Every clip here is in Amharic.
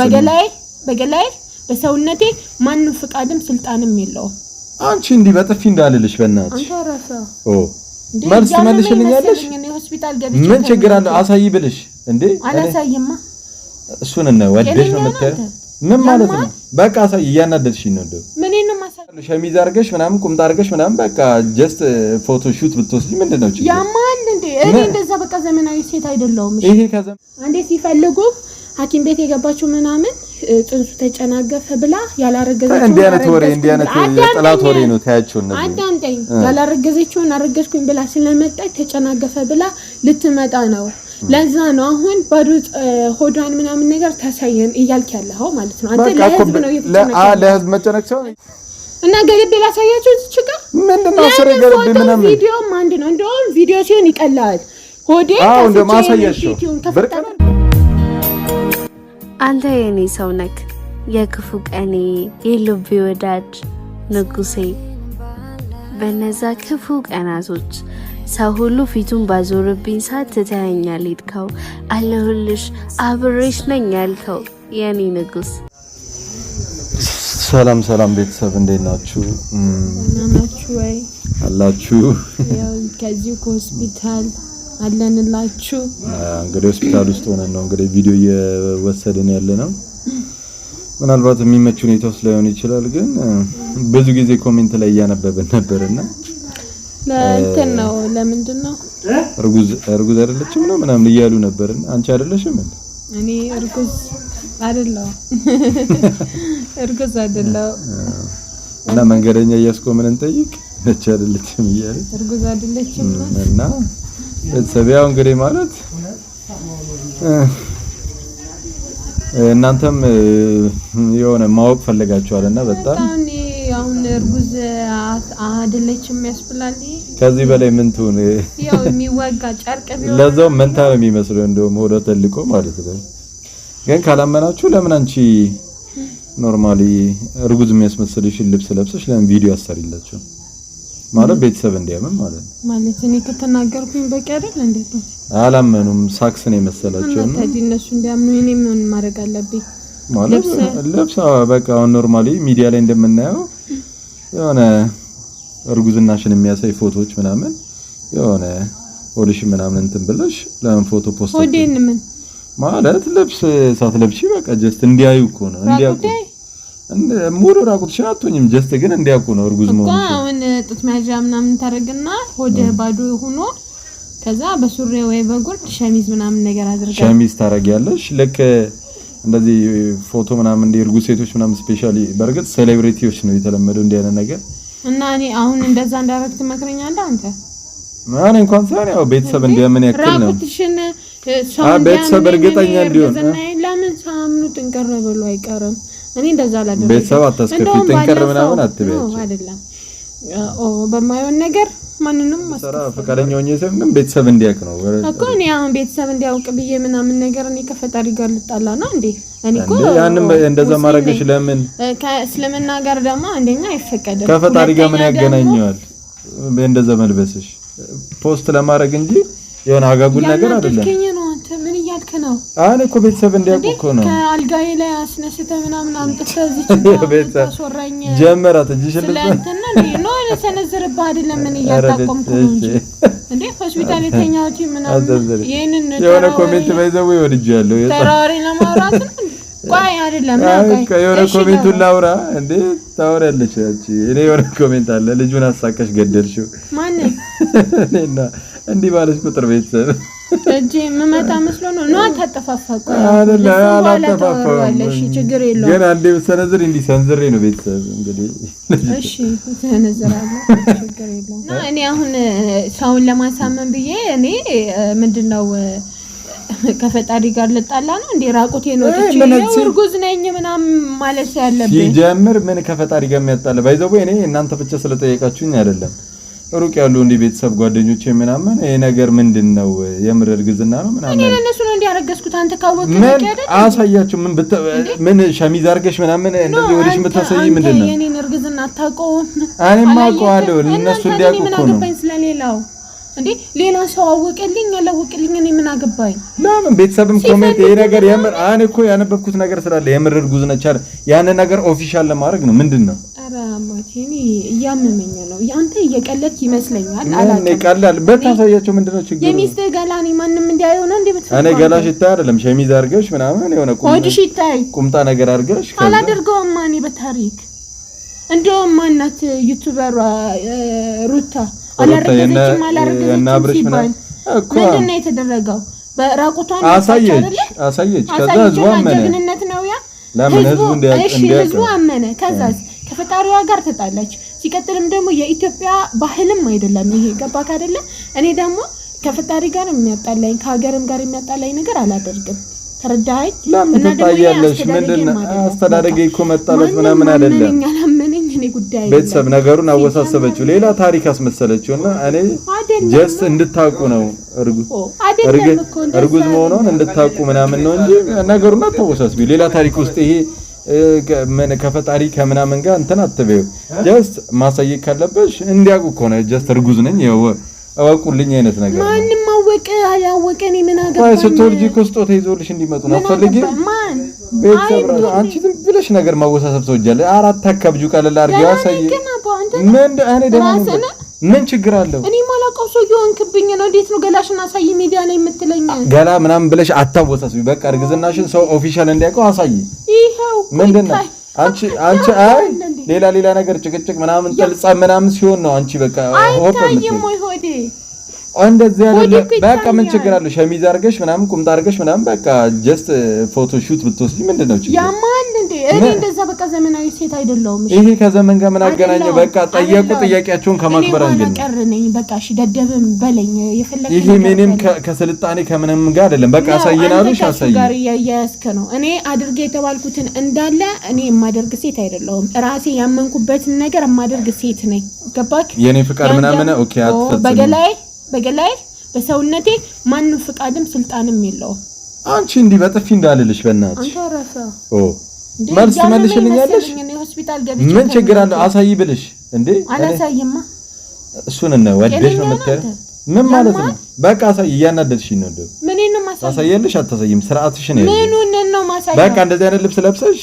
በገላይ በገላይ በሰውነቴ ማንም ፍቃድም ስልጣንም የለውም። አንቺ እንዲህ በጥፊ እንዳልልሽ በእናትሽ መልስ ትመልሽልኛለሽ? ምን ችግር አለ? አሳይ ብልሽ እንዴ? አላሳይማ። እሱን እና ወደሽ ነው የምታየው? ምን ማለት ነው? በቃ አሳይ። እያናደድሽኝ ነው እንዴ? ምን ነው ማሳይ? ሸሚዝ አድርገሽ ምናምን ቁምጣ አድርገሽ ምናምን በቃ ጀስት ፎቶ ሹት ብትወስጂ ምንድን ነው ችግር? ያማል እንዴ? እኔ እንደዛ በቃ ዘመናዊ ሴት አይደለሁም። እሺ ይሄ ከዘመን አንዴ ሲፈልጉ ሐኪም ቤት የገባችው ምናምን ጽንሱ ተጨናገፈ ብላ ያላረገዘችውን እንዲህ አይነት ወሬ እንዲህ አይነት የጠላት ወሬ ነው። ታያቸው እነዚህ አዳምጠኝ። ያላረገዘችውን አረገዝኩኝ ብላ ስለመጣች ተጨናገፈ ብላ ልትመጣ ነው። ለዛ ነው አሁን ባዶ ሆዷን ምናምን ነገር ታሳየን እያልክ ያለው ማለት ነው። አንተ ለህዝብ ነው እየተጨነቀ ለህዝብ መጨነቅ ሲሆን እና ገልቤ ላሳያቸው እዚህ ጋር ምንድነው ስሬ ገለቤ ምናምን ቪዲዮም አንድ ነው። እንደውም ቪዲዮ ሲሆን ይቀላል። ሆዴ ታስቼ ቪዲዮን ከፍታ አንተ የኔ ሰው ነክ የክፉ ቀኔ የልቤ ወዳጅ ንጉሴ። በነዛ ክፉ ቀናቶች ሰው ሁሉ ፊቱን ባዞርብኝ ሰዓት ትተኸኛል ሄድከው። አለሁልሽ አብሬሽ ነኝ ያልከው የኔ ንጉስ። ሰላም ሰላም ቤተሰብ እንዴት ናችሁ? አላችሁ ከዚሁ ከሆስፒታል አለንላችሁ። እንግዲህ ሆስፒታል ውስጥ ሆነን ነው እንግዲህ ቪዲዮ እየወሰድን ያለ ነው። ምናልባት የሚመች ሁኔታ ውስጥ ላይሆን ይችላል፣ ግን ብዙ ጊዜ ኮሜንት ላይ እያነበብን ነበርና ለእንትን ነው ለምንድን ነው እርጉዝ እርጉዝ አይደለችም ነው ምናምን እያሉ ነበርና አንቺ አይደለሽም እኔ እርጉዝ አይደለሁ እርጉዝ አይደለሁ እና መንገደኛ እያስቆምን እንጠይቅ ነች አይደለችም እያለ እርጉዝ አይደለችም እና ቤተሰቢያው እንግዲህ ማለት እናንተም የሆነ ማወቅ እና በጣም አሁን እርጉዝ አይደለችም ያስብላል። ከዚህ በላይ ምን ትሁን? ያው የሚወጋ ጨርቅ ቢሆን ለዛው መንታ ነው የሚመስለው፣ እንደውም ሆዷ ተልቆ ማለት ነው። ግን ካላመናችሁ ለምን አንቺ ኖርማሊ እርጉዝ የሚያስመስልሽን ልብስ ለብሰሽ ለምን ቪዲዮ አሰሪላችሁ? ማለት ቤተሰብ እንዲያምን ማለት ነው። ማለት እኔ ከተናገርኩኝ በቂ አይደል? እንዴት አላመኑም። ሳክስን የመሰላቸው ነው። ታዲያ እነሱ እንዲያምኑ እኔ ምን ማድረግ አለብኝ? ማለት ልብስ በቃ ኖርማሊ ሚዲያ ላይ እንደምናየው የሆነ እርጉዝናሽን የሚያሳይ ፎቶዎች ምናምን የሆነ ኦዲሽ ምናምን እንትን ብለሽ ለምን ፎቶ ፖስት ምን ማለት ልብስ ሳትለብሺ በቃ ጀስት እንዲያዩ እኮ ነው እንዲያውቁ ሙሉ ራቁትሽን አትሆኝም። ጀስት ግን እንዲያውቁ ነው እርጉዝ መሆን እኮ። አሁን ጡት መያዣ ምናምን ታደርግና ሆደ ባዶ ሆኖ ከዛ በሱሪ ወይ በጉርድ ሸሚዝ ምናምን ነገር አድርጋ ሸሚዝ ታደርጊያለሽ። ልክ እንደዚህ ፎቶ ምናምን እንደ እርጉዝ ሴቶች ምናምን ስፔሻሊ፣ በእርግጥ ሴሌብሪቲዎች ነው የተለመደው እንዲህ አይነት ነገር እና እኔ አሁን እንደዛ እንዳደረግ ትመክረኛለህ አንተ? እኔ እንኳን ሳይሆን ያው ቤተሰብ እንዲያምን ያክል ነው ራቁትሽን ሰው ቤተሰብ እርግጠኛ እንዲሆን ለምን ሳምኑ እንቀረበሉ አይቀርም እኔ እንደዛ አላደረግም። ቤተሰብ አታስከፊ ጥንቅር ምናምን አትበያቸው። አይደለም በማይሆን ነገር ማንንም ማስተራ ፈቃደኛ ሆኜ ግን ቤተሰብ እንዲያውቅ ነው እኮ እኔ አሁን ቤተሰብ እንዲያውቅ ብዬ ምናምን ነገር እኔ ከፈጣሪ ጋር ልጣላ ነው እንዴ? እኔ እኮ ያንንም እንደዛ ማድረግሽ ለምን? ከእስልምና ጋር ደግሞ አንደኛ አይፈቀድም። ከፈጣሪ ጋር ምን ያገናኘዋል እንደዛ መልበስሽ? ፖስት ለማድረግ እንጂ የሆነ አጋጉል ነገር አይደለም። ነው? አይ እኮ ቤተሰብ እንዲያውቁ እኮ ነው። ከአልጋዬ ላይ አስነስተህ ምናምን አምጥተህ እዚህ ታስወራኝ ጀመራት እንጂ ስለእንትና ነው የሰነዝርብህ አይደለም። ምን እያጣቆምኩ እንጂ እንዴ ሆስፒታል የተኛሁት ምናምን ይሄንን የሆነ ኮሜንት ባይዘው ይወድጅ ያለው ተራሪ ለማውራት ነው። ቆይ አይደለም የሆነ ኮሜንቱን ላውራ እንዴ ታወሪያለች። ያቺ እኔ የሆነ ኮሜንት አለ ልጁን አሳቀሽ ገደልሽው ማን እንዲህ ባለሽ ቁጥር ቤተሰብ እጅ የምመጣ መስሎ ነው አላጠፋፋለሽ፣ ችግር የለውም። ግን አንዴ ብትሰነዝር እንዲህ ሰንዝሬ ነው ቤተሰብ እንግዲህ። እሺ ሰነዝራለሁ፣ ችግር የለውም። እኔ አሁን ሰውን ለማሳመን ብዬ እኔ ምንድን ነው ከፈጣሪ ጋር ልጣላ ነው እንዴ? ራቁቴን ወጥቼ እርጉዝ ነኝ ምናምን ማለት ያለብኝ ሲጀምር ምን ከፈጣሪ ጋር የሚያጣለ ባይዘቦ። እኔ እናንተ ብቻ ስለጠየቃችሁኝ አይደለም ሩቅ ያሉ እንዲህ ቤተሰብ ጓደኞቼ ምናምን ይሄ ነገር ምንድን ነው? የምር እርግዝና ነው ምናምን እኔ ለነሱ ነው እንዲህ ያረገዝኩት። አንተ ካወቀ ምን አሳያችሁ? ምን ምን ሸሚዝ አድርገሽ ምናምን እንደዚህ ወዲሽ የምታሳይ ምንድን ነው? የኔን እርግዝና አታውቀውም። እኔማ አውቀዋለሁ። እነሱ እንዲያውቁ እኮ ነው። ምን ስለሌላው እንዴ ሌላ ሰው አወቀልኝ አላወቀልኝ እኔ ምን አገባኝ? ለምን ቤተሰብም ኮሜንት ይሄ ነገር የምር እኔ እኮ ያነበብኩት ነገር ስላለ የምር እርጉዝ ነች ያንን ነገር ኦፊሻል ለማድረግ ነው ምንድን ነው ኧረ አባቴ እያመመኝ ነው። ያንተ እየቀለድክ ይመስለኛል። ቀላል ምንድን ነው ችግሩ? የሚስትህ ገላ እኔ ማንም እንዲያየው ነው እኔ አይደለም ሸሚዝ አድርገሽ ምናምን የሆነ ሆድሽ ይታይ ቁምጣ ነገር አድርገሽ አላደርገውም። እኔ በታሪክ እንደውም ማናት ዩቱበሯ ሩታ አላረገዘችም አላረገዘችም ሲባል ምንድን ነው የተደረገው? በራቁቷን አሳየች አሳየች። ከዛ ህዝቡ አመነ። ጀግንነት ነው ያ ህዝቡ። ህዝቡ አመነ። ከዛስ ከፈጣሪዋ ጋር ተጣላች። ሲቀጥልም ደግሞ የኢትዮጵያ ባህልም አይደለም ይሄ ገባ ካደለ እኔ ደግሞ ከፈጣሪ ጋር የሚያጣላኝ ከሀገርም ጋር የሚያጣላኝ ነገር አላደርግም። ተረዳኸኝ? ለምን ትታያለሽ? ምንድን አስተዳደጌ እኮ መጣላት ምናምን አይደለም። ቤተሰብ ነገሩን አወሳሰበችው፣ ሌላ ታሪክ አስመሰለችው እና እኔ ጀስት እንድታቁ ነው እርጉዝ መሆኗን እንድታቁ ምናምን ነው እንጂ ነገሩን አታወሳስቢ ሌላ ታሪክ ውስጥ ይሄ ከፈጣሪ ከምናምን ጋር እንትን አትበዩ። ጀስት ማሳየት ካለበሽ እንዲያውቁ ከሆነ ጀስት እርጉዝ ነኝ እወቁልኝ አይነት ነገር ማንም አወቀ አላወቀ እኔ ምን አገባኝ። አይ ስትወልጂ እኮ ስጦታ ይዞልሽ እንዲመጡ ነው አትፈልጊ? ማን አንቺ ዝም ብለሽ ነገር ማወሳሰብ ትወጃለሽ። አራት አካብጁ ቀለል አድርጊ አሳይ። ምን እኔ ደግሞ ምን ችግር አለው? እኔ ማላውቀው ሰው የሆንክብኝ ነው። እንዴት ነው ገላሽን አሳይ ሚዲያ ላይ የምትለኝ? ገላ ምናምን ብለሽ አታወሳስቢ። በቃ እርግዝናሽን ሰው ኦፊሻል እንዲያውቀው አሳይ። ምንድን ነው አንቺ አንቺ አይ ሌላ ሌላ ነገር ጭቅጭቅ ምናምን ጥልጻ ምናምን ሲሆን ነው አንቺ በቃ ሆፕ እንደዚህ አይደለ። በቃ ምን ችግር አለው? ሸሚዝ አድርገሽ ምናምን ቁምጣ አድርገሽ ምናምን በቃ ጀስት ፎቶ ሹት ብትወስጂ ምንድን ነው ችግር? እኔ እንደዛ በቃ ዘመናዊ ሴት አይደለሁም። ይሄ ከዘመን ጋር ምን አገናኘ? በቃ ጠየቁ፣ ጥያቄያቸውን ከማክበር አንገኝ። በቃ እሺ፣ ደደብም በለኝ የፈለከ። ይሄ ምንም ከስልጣኔ ከምንም ጋር አይደለም። በቃ አሳይናሉ፣ አሳይ ጋር እያያዝክ ነው። እኔ አድርገ የተባልኩትን እንዳለ እኔ የማደርግ ሴት አይደለሁም። ራሴ ያመንኩበትን ነገር የማደርግ ሴት ነኝ። ገባክ? የኔ ፍቃድ ምናምን ኦኬ፣ አትፈጽም። በገላይ በገላይ በሰውነቴ ማንም ፍቃድም ስልጣንም የለውም። አንቺ እንዲህ በጥፊ እንዳልልሽ በእናትሽ አንተ ኦ መልስ ትመልሽልኛለሽ? ምን ችግር አለ? አሳይ ብልሽ እንዴ? አላሳይማ። እሱን ነው ወደሽ ነው የምታየው? ምን ማለት ነው? በቃ አሳይ። እያናደድሽኝ ነው። እንደው ምን ነው ማሳይ? ታሳያለሽ? አታሳይም? ስርዓትሽ ነው። ምን ነው ማሳይ? በቃ እንደዚህ አይነት ልብስ ለብሰሽ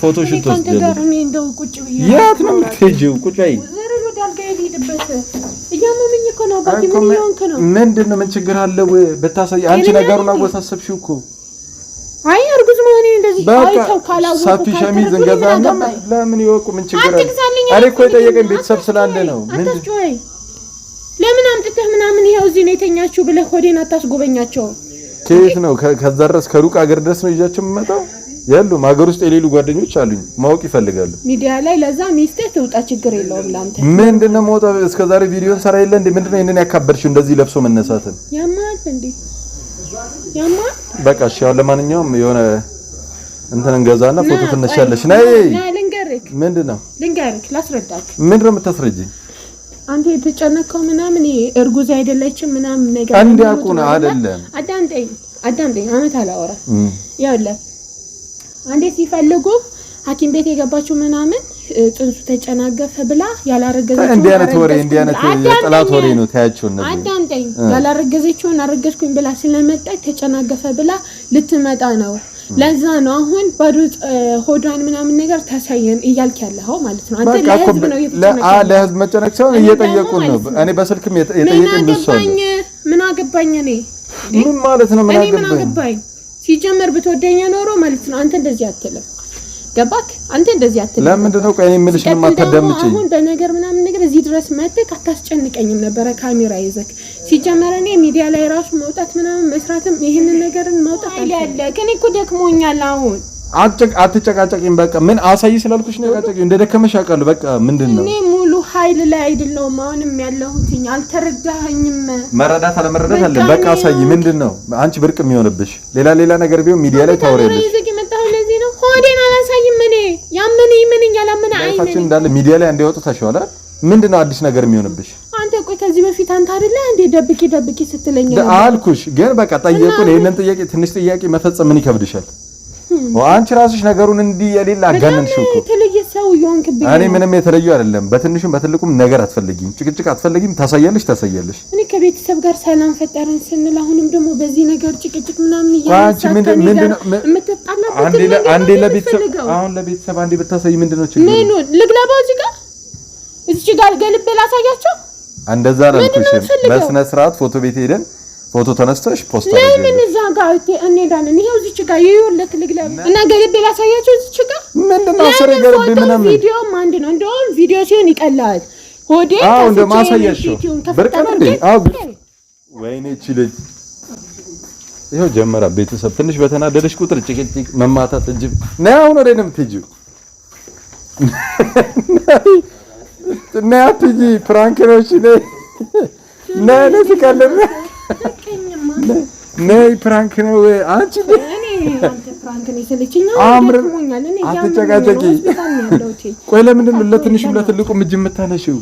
ፎቶ ሹት ትወስጃለሽ። የት ነው የምትሄጂው? ቁጭ በይ። እያመመኝ እኮ ነው። ምንድን ነው? ምን ችግር አለው? ብታሳይ አንቺ ነገሩን አወሳሰብሽው እኮ ሰፊ ሸሚዝ እንገዛና ለምን ይወቁ? ምን ችግር አለ? እኔ እኮ የጠየቀኝ ቤተሰብ ስላለ ነው። ለምን አምጥተህ ምናምን ይኸው እዚህ ነው የተኛችሁ ብለህ ሆዴን አታስጎበኛቸው። ከየት ነው ከዛ ድረስ ከሩቅ አገር ድረስ ነው ይዣቸው የምመጣው? የሉም ሀገር ውስጥ የሌሉ ጓደኞች አሉኝ። ማወቅ ይፈልጋሉ ሚዲያ ላይ ለዛ ሚስቴ ትውጣ ችግር የለውም። ላንተ ምንድን ነው መውጣ? እስከ ዛሬ ቪዲዮን ሰራ የለ እንዴ? ምንድን ነው ይሄንን ያካበድሽው? እንደዚህ ለብሶ መነሳትን ያማል እንዴ? ያማል። በቃ እሺ፣ አሁን ለማንኛውም የሆነ እንትን እንገዛና ፎቶ ትነሻለሽ። ነይ ልንገርክ። ምንድን ነው ልንገርክ፣ ላስረዳክ። ምንድን ነው የምታስረጂኝ? አንተ የተጨነቀው ምናምን እርጉዝ አይደለችም ምናምን ነገር አንድ ያቁን አይደለም አዳምጠኝ፣ አዳምጠኝ። አመት አላወራ ያውልህ። አንዴ ሲፈልጉ ሐኪም ቤት የገባችው ምናምን ጽንሱ ተጨናገፈ ብላ ያላረገዘችው እንዲህ አይነት ወሬ እንዲህ አይነት የጠላት ወሬ ነው። ታያቸው እነዚህ አዳምጠኝ። ያላረገዘችውን አረገዝኩኝ ብላ ስለመጣች ተጨናገፈ ብላ ልትመጣ ነው ለዛ ነው አሁን ባዶ ሆዷን ምናምን ነገር ተሳየን እያልክ ያለው ማለት ነው። አንተ ለህዝብ ነው ለህዝብ መጨነቅ ሳይሆን እየጠየቁ ነው። እኔ በስልክም የጠየቁኝ ብዙ ሰው ምን አገባኝ እኔ ምን ማለት ነው ምን አገባኝ ሲጀመር ብትወደኛ ኖሮ ማለት ነው አንተ እንደዚህ አትልም። ገባክ? አንተ እንደዚህ አትልም። ለምንድን ነው ቆይ እኔ ምን ማታደምጪ? አሁን በነገር ምናምን ነገር እዚህ ድረስ መጥተህ አታስጨንቀኝም ነበረ ካሜራ ይዘህ ሲጀመር እኔ ሚዲያ ላይ ራሱ መውጣት ምናምን መስራትም ይህንን ነገርን መውጣት አለ። ግን እኮ ደክሞኛል አሁን አትጨቃጨቂም። በቃ ምን አሳይ ስላልኩሽ ነው። ጨቃጨቂ እንደ ደከመሽ አውቃለሁ። በቃ ምንድን ነው እኔ ሙሉ ሀይል ላይ አይደለሁም አሁንም ያለሁትኝ። አልተረዳኸኝም። መረዳት አለመረዳት አለ። በቃ አሳይ። ምንድን ነው አንቺ ብርቅ የሚሆንብሽ ሌላ ሌላ ነገር ቢሆን ሚዲያ ላይ ታወሪያለሽ። ለዚህ ሆዴን አላሳይም። እኔ ያመነ ይመነኛል ያላመነ አይነ እንዳለ ሚዲያ ላይ እንዲያወጡ ታሸዋል። ምንድን ነው አዲስ ነገር የሚሆንብሽ? ከዚህ በፊት አንተ አይደለ እንዴ ደብቂ ደብቂ ስትለኝ አልኩሽ። ግን በቃ ጠየቁን። ይሄንን ጥያቄ ትንሽ ጥያቄ መፈጸም ምን ይከብድሻል? አንቺ ራስሽ ነገሩን እንዲህ የሌላ አጋነንሽ እኮ። የተለየ ሰው ይሆንክብኝ። እኔ ምንም የተለየ አይደለም። በትንሹም በትልቁም ነገር አትፈልጊም፣ ጭቅጭቅ አትፈልጊም። ታሳያለሽ ታሳያለሽ። እኔ ከቤተሰብ ጋር ሰላም ፈጠረን ስንል አሁንም ደግሞ በዚህ ነገር ጭቅጭቅ ምናምን ይያንሳል። ምንድን ምንድን አንዴ አንዴ ለቤተሰብ አሁን ለቤተሰብ አንዴ ብታሳይ ምንድን ነው ችግሩ? ልግለባው እዚህ ጋር እዚህ ጋር ገልቤ ላሳያቸው እንደዛ ነው የምልሽ። በስነ ስርዓት ፎቶ ቤት ሄደን ፎቶ ተነስተሽ ፖስት አድርገሽ ለምን እዛ ጋር እንሄዳለን? ይሄው እዚች ጋር ይኸውልህ፣ ልግለብ እና ገለብ ላሳያቸው። እዚች ጋር ምንድን ነው ስሬ ገለብ ምንም ቪዲዮም አንድ ነው። እንደውም ቪዲዮ ሲሆን ይቀላል። ሆዴ አው እንደማሳያቸው ብርቅ ነው እንዴ? አው ወይኔ እቺ ልጅ ይሄው ጀመረ። ቤተሰብ ትንሽ በተናደደሽ ቁጥር ጭቅጭቅ፣ መማታት እጅ ነው። አሁን ወደ እኔ ነው የምትሄጂው እና አትጂ ፕራንክ ነው። እሺ ነይ ነይ ነይ፣ ነይ፣ ፕራንክ ነው። አንቺ አትጨቃጨቂ። ቆይ ለምንድን ነው ለትንሹም ለትልቁም እጅ የምታነሺው?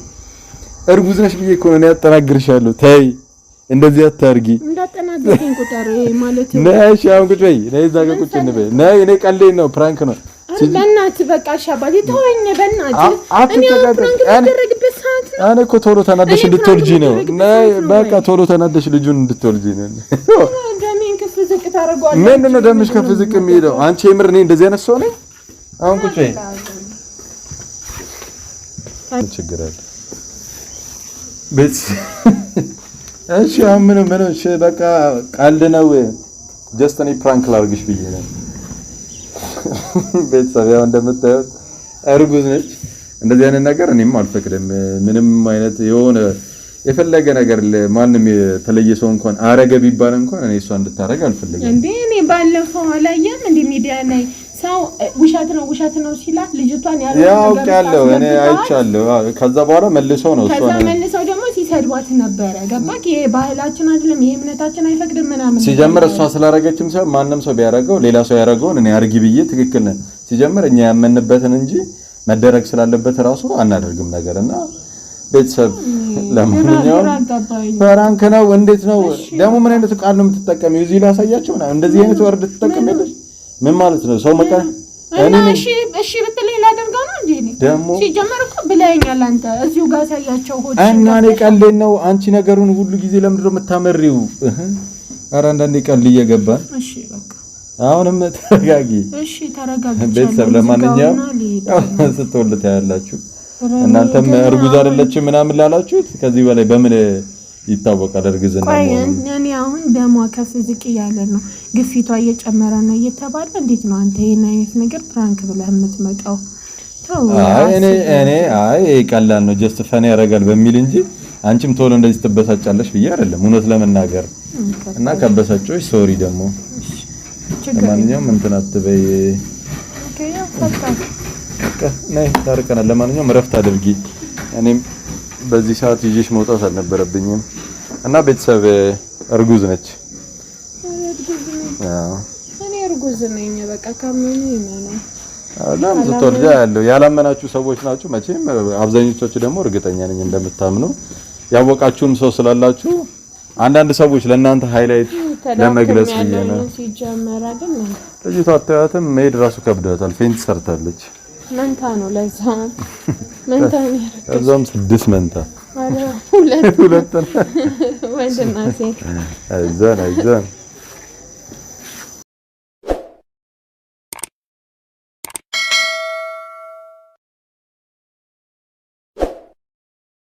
እርጉዝ ነሽ ብዬ እኮ ነው ያጠናግርሻለሁ። ተይ እንደዚህ አታርጊ። እንዳጠናግርሽኝ ቁጥር ማለት ነው። ነይ እሺ፣ አሁን ቁጭ በይ። ነይ እዛ ጋር ቁጭ እንበይ። ነይ እኔ ቀልዴን ነው ፕራንክ ነው በእናትህ በቃ ተወኝ። በእናትህ እኔ እኮ ቶሎ ተናደሽ እንድትወልጂ ነው። በቃ ቶሎ ተናደሽ ልጁን እንድትወልጂ ነው። ነው ደምሽ ከፍ ዝቅ አንቺ የምር እኔ እንደዚህ አይነት ሰው ነኝ? አሁን ቁጭ ችግር አለ ቤት። እሺ አሁን በቃ ቀልድ ነው። ጀስት እኔ ፕራንክ ላድርግሽ ብዬ ነው ቤተሰብ ያው እንደምታዩት እርጉዝ ነች። እንደዚህ አይነት ነገር እኔም አልፈቅድም። ምንም አይነት የሆነ የፈለገ ነገር ማንም የተለየ ሰው እንኳን አረገ ቢባል እንኳን እኔ እሷ እንድታረግ አልፈልግም። እንዴ እኔ ባለፈው አላየም እንዲህ ሚዲያ ላይ ሰው ውሸት ነው ውሸት ነው ሲላት ልጅቷን ያውቃለሁ እኔ አይቻለሁ። ከዛ በኋላ መልሰው ነው ከዛ መልሰው ደግሞ ሲሰድቧት ነበረ። ገባክ? ይሄ ባህላችን አይደለም፣ ይሄ እምነታችን አይፈቅድም ምናምን። ሲጀምር እሷ ስላረገችም ሳይሆን ማንም ሰው ቢያረገው ሌላ ሰው ያረገውን እኔ አርጊ ብዬ ትክክል ነን። ሲጀምር እኛ ያመንበትን እንጂ መደረግ ስላለበት ራሱ አናደርግም ነገር እና ቤተሰብ ለማንኛውም ፍራንክ ነው። እንዴት ነው ደግሞ ምን አይነት ቃል ነው የምትጠቀሚው? እዚህ ላሳያቸው እንደዚህ አይነት ወርድ ትጠቀሚያለሽ ምን ማለት ነው? ሰው መጣ እና እሺ እሺ ብትለኝ ላደርገው ነው እንዴ? እኔ ደግሞ ሲጀመር እኮ ብለኸኛል አንተ እዚሁ ጋር ሳያቸው ሆድ እና እኔ ቀልድ ነው። አንቺ ነገሩን ሁሉ ጊዜ ለምንድን ነው የምታመሪው? ኧረ አንዳንዴ ቀልድ እየገባ እሺ፣ በቃ አሁንም ተረጋጊ። እሺ ተረጋጊ። ቤተሰብ ለማንኛውም ስትወልድ ታያላችሁ። እናንተም እርጉዝ አይደለችም ምናምን ላላችሁት ከዚህ በላይ በምን ይታወቃል። እርግዝና እኔ አሁን ደሟ ከፍ ዝቅ እያለ ነው፣ ግፊቷ እየጨመረ ነው እየተባለ እንዴት ነው አንተ ይህን አይነት ነገር ፕራንክ ብለህ የምትመጣው? እኔ አይ ቀላል ነው ጀስት ፈን ያደርጋል በሚል እንጂ አንቺም ቶሎ እንደዚህ ትበሳጫለሽ ብዬ አይደለም እውነት ለመናገር እና ከበሳጮች ሶሪ ደግሞ ለማንኛውም እንትን አትበይ። ታርቀናል። ለማንኛውም እረፍት አድርጊ እኔም በዚህ ሰዓት ይዤሽ መውጣት አልነበረብኝም እና ቤተሰብ እርጉዝ ነች። እኔ እርጉዝ ነኝ። በቃ አላም ያለው ያላመናችሁ ሰዎች ናችሁ። መቼም አብዛኞቻችሁ ደግሞ እርግጠኛ ነኝ እንደምታምኑ ያወቃችሁም ሰው ስላላችሁ አንዳንድ ሰዎች ለእናንተ ሃይላይት ለመግለጽ ብዬ ነው። ልጅቷ አታያትም፣ መሄድ ራሱ ከብደታል ፌንት ሰርታለች። መንታ ነው ለዛ እዛም ስድስት መንታ ሁለት ሁለት